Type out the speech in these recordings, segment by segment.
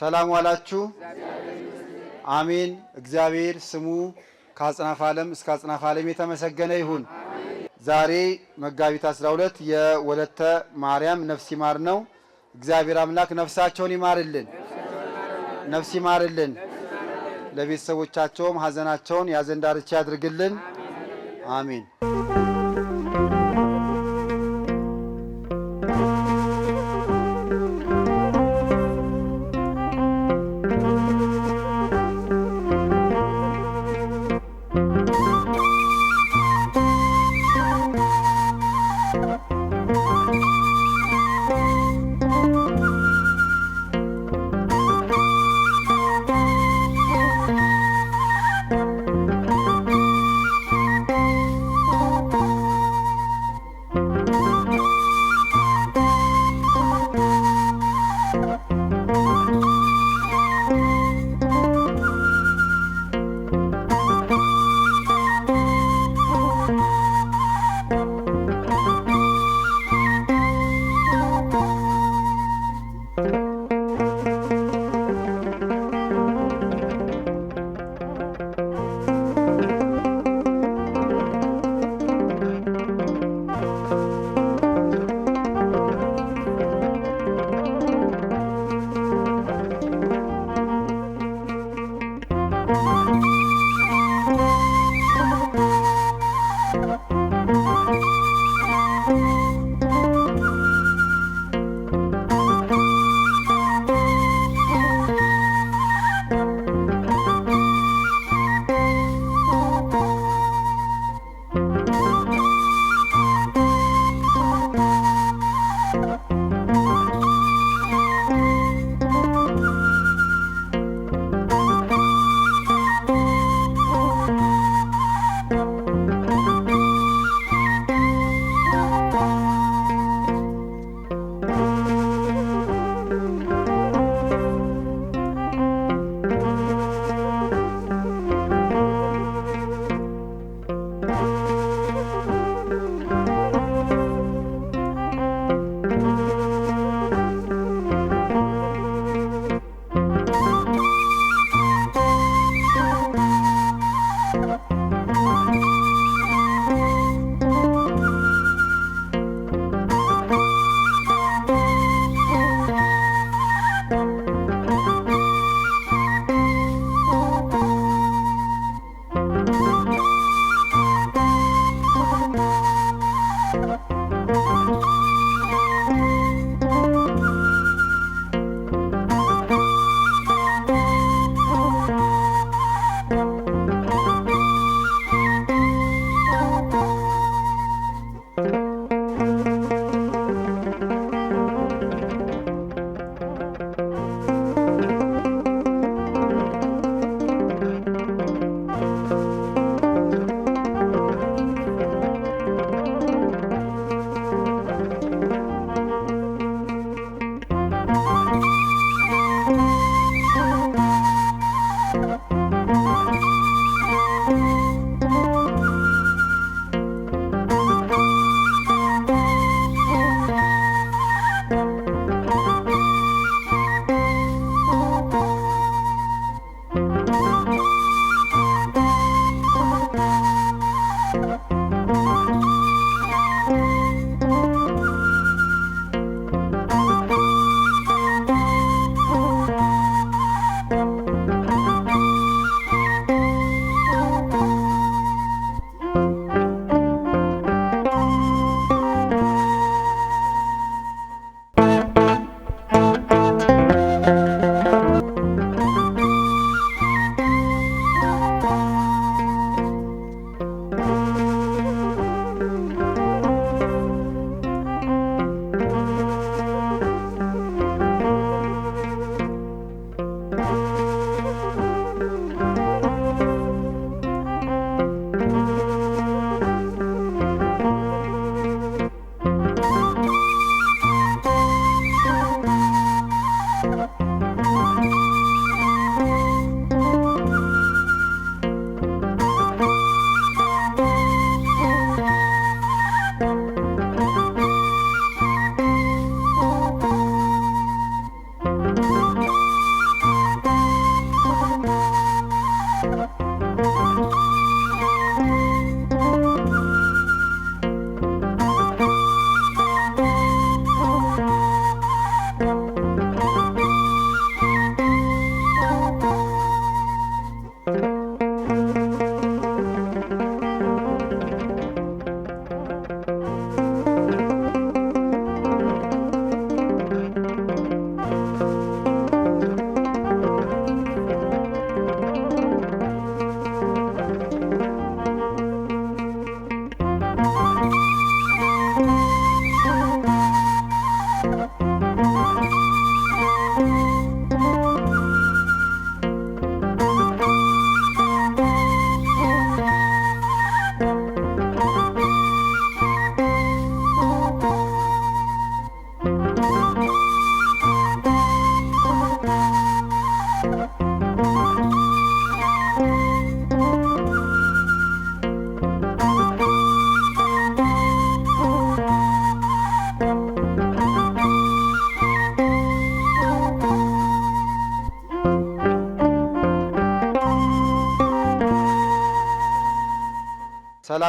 ሰላም ዋላችሁ። አሜን። እግዚአብሔር ስሙ ከአጽናፍ ዓለም እስከ አጽናፍ ዓለም የተመሰገነ ይሁን። ዛሬ መጋቢት 12 የወለተ ማርያም ነፍስ ይማር ነው። እግዚአብሔር አምላክ ነፍሳቸውን ይማርልን፣ ነፍስ ይማርልን። ለቤተሰቦቻቸውም ሀዘናቸውን ያዘን ዳርቻ ያድርግልን። አሜን።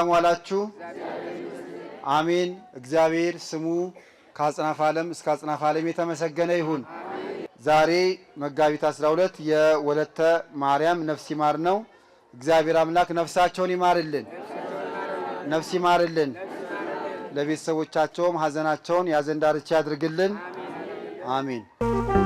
ሰላም ዋላችሁ። አሜን። እግዚአብሔር ስሙ ከአጽናፍ ዓለም እስከ አጽናፍ ዓለም የተመሰገነ ይሁን። ዛሬ መጋቢት 12 የወለተ ማርያም ነፍስ ይማር ነው። እግዚአብሔር አምላክ ነፍሳቸውን ይማርልን፣ ነፍስ ይማርልን። ለቤተሰቦቻቸውም ሀዘናቸውን ያዘን ዳርቻ ያድርግልን። አሜን።